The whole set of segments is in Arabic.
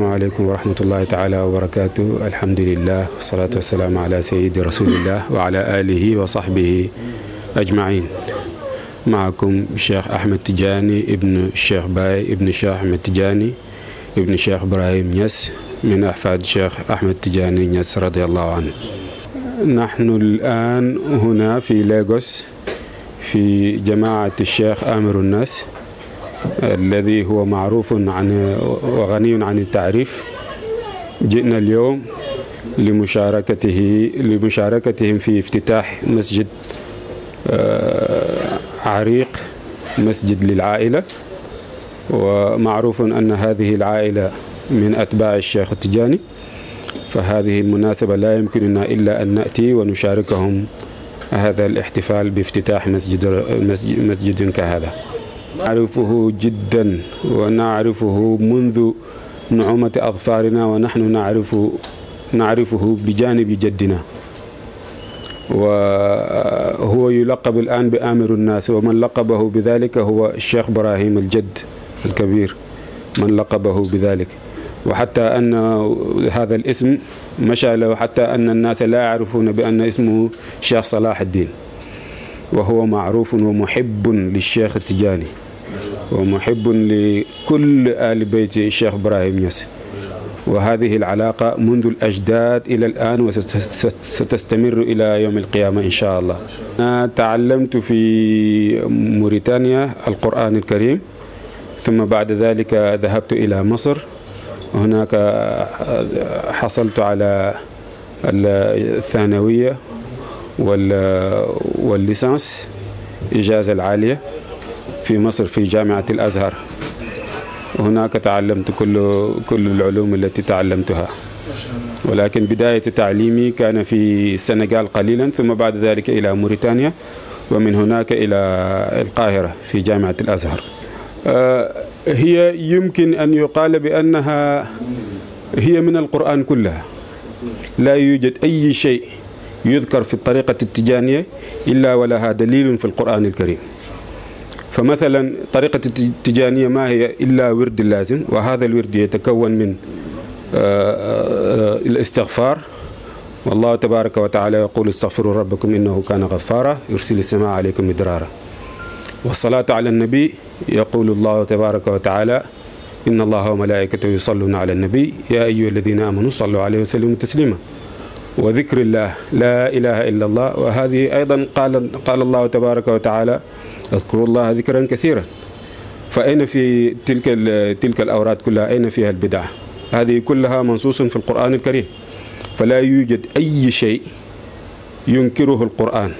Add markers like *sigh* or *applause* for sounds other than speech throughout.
السلام عليكم ورحمة الله تعالى وبركاته الحمد لله والصلاة والسلام على سيد رسول الله وعلى آله وصحبه أجمعين معكم الشيخ أحمد تجاني ابن الشيخ باي ابن الشيخ أحمد تجاني ابن الشيخ إبراهيم نس من أحفاد الشيخ أحمد تجاني نس رضي الله عنه نحن الآن هنا في لاغوس في جماعة الشيخ أمر الناس الذي هو معروف عن وغني عن التعريف جئنا اليوم لمشاركته لمشاركتهم في افتتاح مسجد آه، عريق مسجد للعائلة ومعروف أن هذه العائلة من أتباع الشيخ التجاني فهذه المناسبة لا يمكننا إلا أن نأتي ونشاركهم هذا الاحتفال بافتتاح مسجد, مسجد كهذا نعرفه جدا ونعرفه منذ نعومة أظفارنا ونحن نعرف نعرفه بجانب جدنا وهو يلقب الآن بآمر الناس ومن لقبه بذلك هو الشيخ إبراهيم الجد الكبير من لقبه بذلك وحتى أن هذا الاسم مشى له حتى أن الناس لا يعرفون بأن اسمه شيخ صلاح الدين وهو معروف ومحب للشيخ التجاني ومحب لكل آل بيت الشيخ إبراهيم نياس وهذه العلاقة منذ الأجداد إلى الآن وستستمر إلى يوم القيامة إن شاء الله أنا تعلمت في موريتانيا القرآن الكريم ثم بعد ذلك ذهبت إلى مصر هناك حصلت على الثانوية والليسانس إجازة العالية في مصر في جامعة الأزهر هناك تعلمت كل كل العلوم التي تعلمتها ولكن بداية تعليمي كان في السنغال قليلا ثم بعد ذلك إلى موريتانيا ومن هناك إلى القاهرة في جامعة الأزهر آه، هي يمكن أن يقال بأنها هي من القرآن كلها لا يوجد أي شيء يذكر في الطريقة التجانية إلا ولها دليل في القرآن الكريم فمثلا طريقة التجانية ما هي إلا ورد لازم وهذا الورد يتكون من آه، آه، الاستغفار والله تبارك وتعالى يقول استغفروا ربكم إنه كان غفارا يرسل السماء عليكم مدرارا والصلاة على النبي يقول الله تبارك وتعالى إن الله وملائكته يصلون على النبي يا أيها الذين آمنوا صلوا عليه وسلموا تسليما وذكر الله لا إله إلا الله وهذه أيضا قال, قال الله تبارك وتعالى اذكروا الله ذكرا كثيرا فأين في تلك تلك الأوراد كلها أين فيها البدع هذه كلها منصوص في القرآن الكريم فلا يوجد أي شيء ينكره القرآن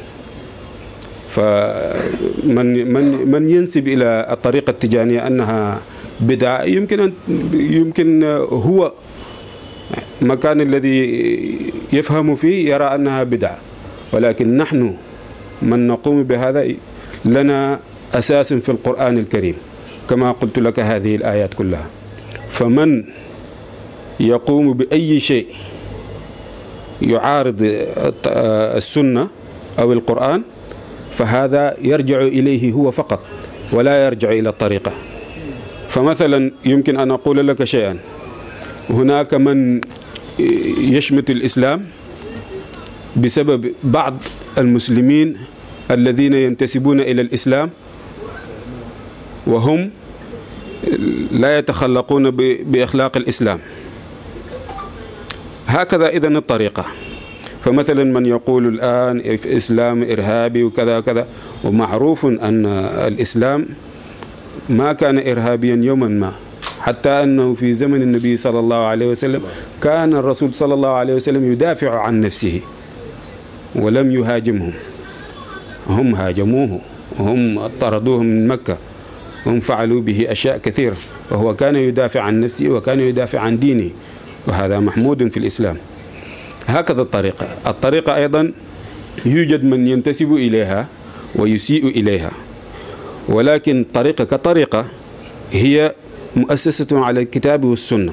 فمن من من ينسب إلى الطريقة التجانية أنها بدعة يمكن أن يمكن هو مكان الذي يفهم فيه يرى أنها بدعة ولكن نحن من نقوم بهذا لنا أساس في القرآن الكريم كما قلت لك هذه الآيات كلها فمن يقوم بأي شيء يعارض السنة أو القرآن فهذا يرجع إليه هو فقط ولا يرجع إلى الطريقة فمثلا يمكن أن أقول لك شيئا هناك من يشمت الإسلام بسبب بعض المسلمين الذين ينتسبون إلى الإسلام وهم لا يتخلقون بإخلاق الإسلام هكذا إذا الطريقة فمثلا من يقول الآن إسلام إرهابي وكذا وكذا ومعروف أن الإسلام ما كان إرهابيا يوما ما حتى أنه في زمن النبي صلى الله عليه وسلم كان الرسول صلى الله عليه وسلم يدافع عن نفسه ولم يهاجمهم هم هاجموه وهم طردوه من مكة هم فعلوا به أشياء كثيرة وهو كان يدافع عن نفسه وكان يدافع عن دينه وهذا محمود في الإسلام هكذا الطريقة الطريقة أيضا يوجد من ينتسب إليها ويسيء إليها ولكن طريقة كطريقة هي مؤسسة على الكتاب والسنة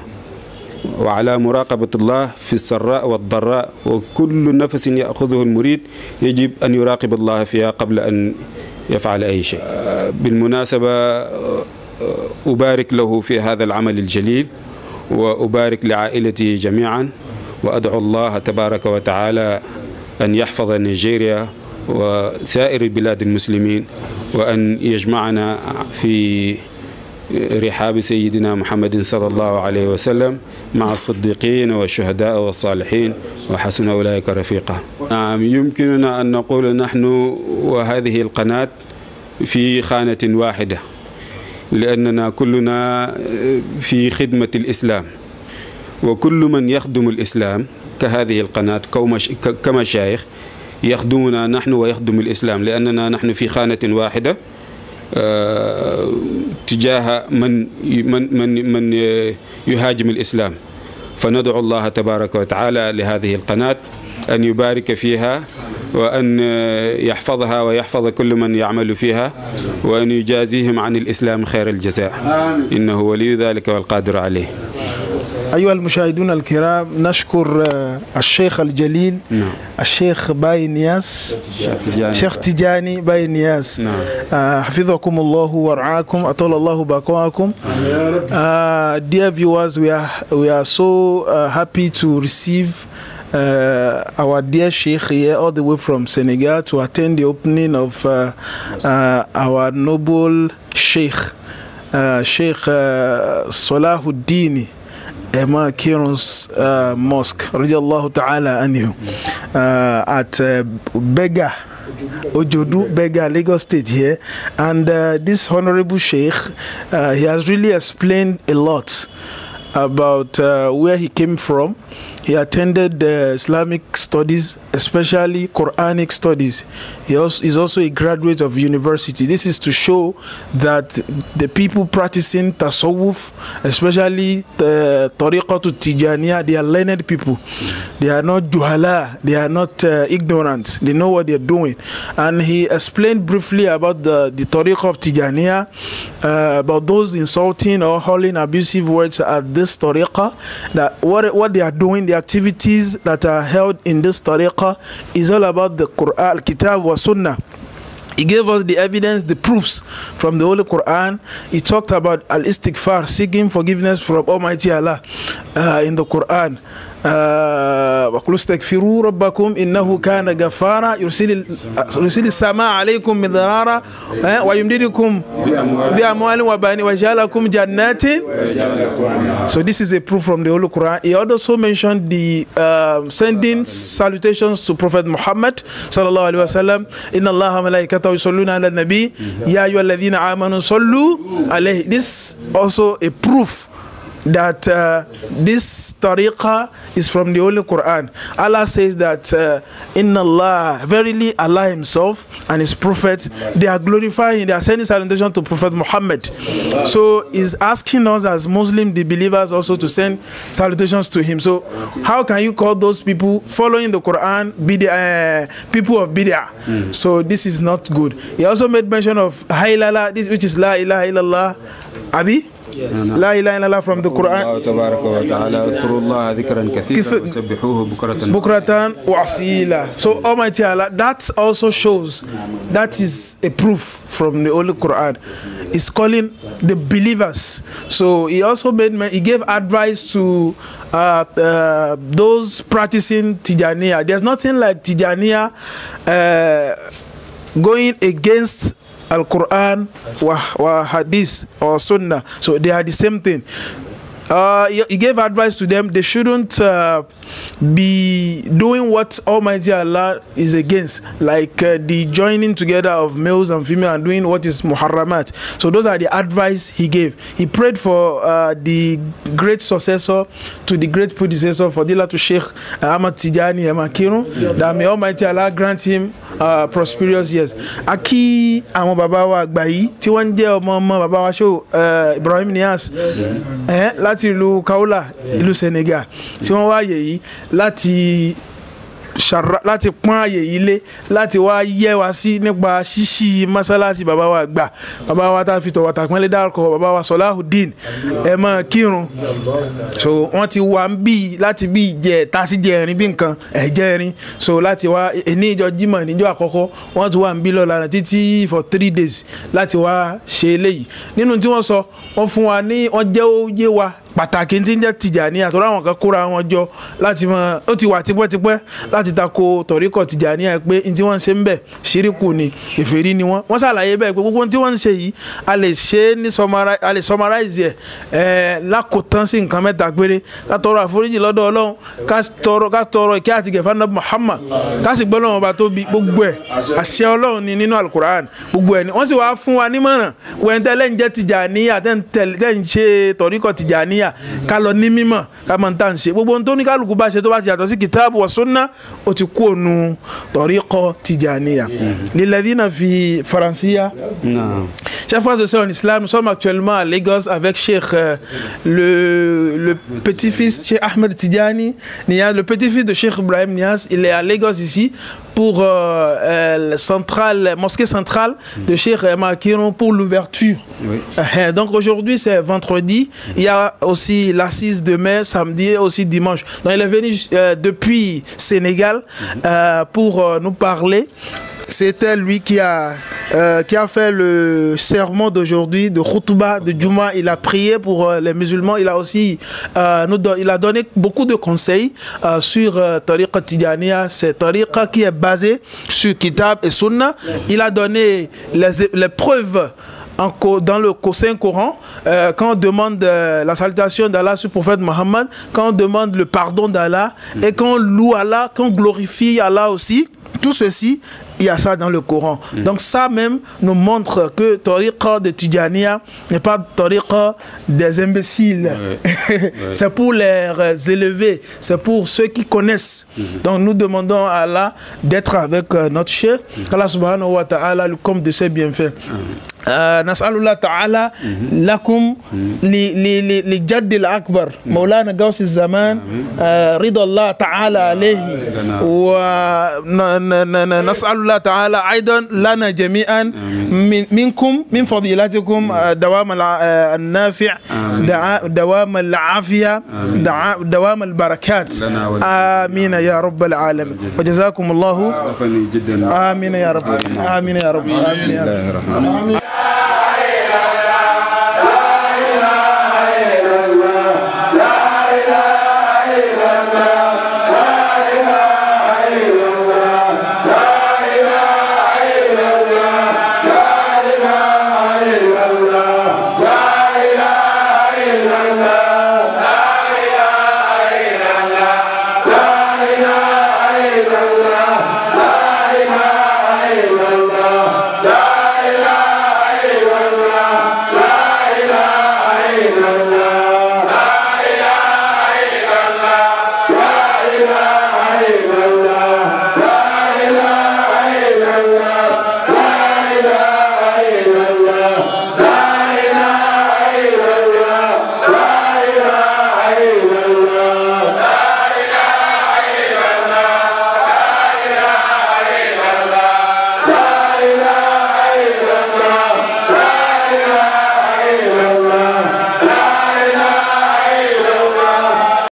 وعلى مراقبة الله في السراء والضراء وكل نفس يأخذه المريد يجب أن يراقب الله فيها قبل أن يفعل أي شيء بالمناسبة أبارك له في هذا العمل الجليل وأبارك لعائلته جميعا وأدعو الله تبارك وتعالى أن يحفظ نيجيريا وسائر البلاد المسلمين وأن يجمعنا في رحاب سيدنا محمد صلى الله عليه وسلم مع الصديقين والشهداء والصالحين وحسن أولئك رفيقا نعم يمكننا أن نقول نحن وهذه القناة في خانة واحدة لأننا كلنا في خدمة الإسلام وكل من يخدم الإسلام كهذه القناة كمشايخ يخدمنا نحن ويخدم الإسلام لأننا نحن في خانة واحدة تجاه من من من من يهاجم الاسلام فندعو الله تبارك وتعالى لهذه القناه ان يبارك فيها وأن يحفظها ويحفظ كل من يعمل فيها وأن يجازيهم عن الإسلام خير الجزاء إنه ولي ذلك والقادر عليه أيها المشاهدون الكرام نشكر الشيخ الجليل نعم. الشيخ باي نياس شيخ تجاني باي نياس نعم. حفظكم الله ورعاكم أطول الله باقواكم uh, Dear viewers we are, we are so happy to receive Uh, our dear Sheikh here, all the way from Senegal, to attend the opening of uh, uh, our noble Sheikh, uh, Sheikh uh, Salahuddini. Emir Kiron's uh, mosque, radiallahu ta'ala anhu, uh, at uh, Bega, Ojodu Bega, Lagos State here. And uh, this honorable sheikh, uh, he has really explained a lot about uh, where he came from. He attended the Islamic studies, especially Quranic studies. He also, is also a graduate of university. This is to show that the people practicing tasawwuf, especially the to tijaniya, they are learned people. They are not juhala, they are not uh, ignorant. They know what they are doing. And he explained briefly about the, the tariqah of tijaniya, uh, about those insulting or hurling abusive words at this tariqah, that what, what they are doing, the activities that are held in in this tariqah is all about the Quran, Kitab wa Sunnah. He gave us the evidence, the proofs from the Holy Quran. He talked about al istighfar, seeking forgiveness from Almighty Allah uh, in the Quran. آه وقل استغفروا ربكم انه كان غفارا يرسل يرسل السماء عليكم مدرارا آه ويمددكم باموال وبنين وجعلكم جنات so this is a proof from the Holy Quran he also mentioned the uh, sending salutations to Prophet Muhammad sallallahu alaihi wasallam inna Allah malaikatahu yusalluna ala nabi ya ayyuhalladhina amanu sallu alayhi this also a proof that uh, this tariqah is from the Holy Quran. Allah says that uh, in Allah, verily Allah Himself and His Prophet, they are glorifying, they are sending salutation to Prophet Muhammad. So He's asking us as Muslim, the believers, also to send salutations to Him. So how can you call those people following the Quran bid'ah, uh, people of bidia? Mm. So this is not good. He also made mention of Hailala, this which is La ilaha illallah. Abi? Yes. لا إله إلا الله from the Quran الله تبارك وتعالى اذكروا الله ذكرا كثيرا وسبحوه بكرة بكرة so Almighty Allah that also shows that is a proof from the Holy Quran it's calling the believers so he also made he gave advice to uh, uh, those practicing Tijaniya there's nothing like Tijaniya uh, going against Al Quran or, wa Hadith or Sunnah. So they are the same thing. Uh, he, gave advice to them they shouldn't uh, be doing what Almighty Allah is against, like uh, the joining together of males and females and doing what is muharramat. So those are the advice he gave. He prayed for uh, the great successor to the great predecessor, Fadila to Sheikh Ahmad Tijani Emakirun, that may Almighty Allah grant him uh, prosperous years. Aki àwọn bàbá wa àgbà yìí tí wọ́n ń ọmọ ọmọ bàbá wa ṣó uh, Ibrahim Niass eh, láti láti ìlú Kaola ìlú Senegal tí wọ́n wáyè yìí láti ṣàrà láti pọ́n àyè yìí láti wá yẹ́ wa sí nípa ṣíṣí mọ́sálásí bàbá wa gbà bàbá wa tá a fi tọ̀wọ̀ tàpínlẹ̀ dárúkọ bàbá wa Salahuddin ẹ̀ mọ́ kírun so wọ́n ti wà ń bí láti bí jẹ́ tásí jẹrin bí nǹkan ẹ̀ jẹrin so láti wá ní ìjọ Jímọ̀ níjọ àkọ́kọ́ wọ́n ti wà ń bí lọ́la títí for three days láti wá ṣe eléyìí nínú tí wọ́n sọ wọ́n fún wa ní wọ́n jẹ́ ó yé wa pàtàkì tí ń jẹ́ Tìjàníyà àtọ́rọ́ àwọn kan kóra wọn jọ láti mọ ó ti wà tipẹ́tipẹ́ láti tako tọ̀ríkọ̀ Tìjàníyà pé ní tí wọ́n ń ṣe ń bẹ̀ ṣíríkù ni èfèrí ni wọ́n wọ́n ṣàlàyé bẹ́ẹ̀ pé gbogbo tí wọ́n ń ṣe yìí a lè ṣe é ní a lè summarize ẹ̀ ẹ̀ lákòótán sí nǹkan mẹ́ta péré ká tọrọ àforíjì lọ́dọ̀ Ọlọ́run ká tọrọ ìkẹ́ àti gẹ̀fà náà Muhammad ká sì gbọ́ lọ́wọ́ bá tóbi ni nínú alukur'an gbogbo ẹ̀ ni wọ́n sì wá fún wa nímọ̀ràn wẹ̀ntẹ́lẹ́ ń jẹ́ Tìjàníyà tẹ́ kaloni mímọ́ ká máa ń tà ń ṣe gbogbo ohun tó ti wa sunna ó ti tariqa tijaniya mm. lilladhina fi faransiya chaque fois de son islam nous sommes actuellement à Lagos avec Cheikh euh, le, le petit-fils Cheikh Ahmed Tidjani Niaz le petit-fils de Cheikh Ibrahim nias il est à Lagos ici pour euh, euh, la centrale, mosquée centrale de mm. Cheikh Makiron pour l'ouverture. Eh, eh, donc aujourd'hui, c'est vendredi. Mm. Il y a aussi l'assise demain, samedi et aussi dimanche. Donc il est venu euh, depuis Sénégal mm. pour nous parler c'était lui qui a, euh, qui a fait le serment d'aujourd'hui, de Khutuba, de Juma. Il a prié pour euh, les musulmans. Il a aussi euh, il a donné beaucoup de conseils sur Tariqa quotidienne. C'est Tariqa qui est basé sur Kitab et sunnah. Il a donné les, preuves dans le Saint-Coran, quand on demande la salutation d'Allah sur le prophète Mohammed, quand on demande le pardon d'Allah, et quand on loue Allah, quand glorifie Allah aussi, tout ceci il y a ça dans le Coran. Mm. Donc ça même nous montre que Tariqa de Tidjania n'est pas Tariqa des imbéciles. *laughs* c'est pour les élevés. c'est pour ceux qui connaissent. Mm. Donc nous demandons à Allah d'être avec euh, notre chef, mm. Allah subhanahu wa ta'ala lui compte de ses bienfaits. آه، نسأل الله تعالى لكم للجد الأكبر مولانا قوس الزمان آه، رضا الله تعالى عليه ونسأل الله تعالى أيضا لنا جميعا منكم من فضيلتكم آه، دوام النافع دوام العافية دوام البركات آمين يا رب العالمين وجزاكم الله آمين يا رب آمين يا رب آمين يا رب آمين يا رب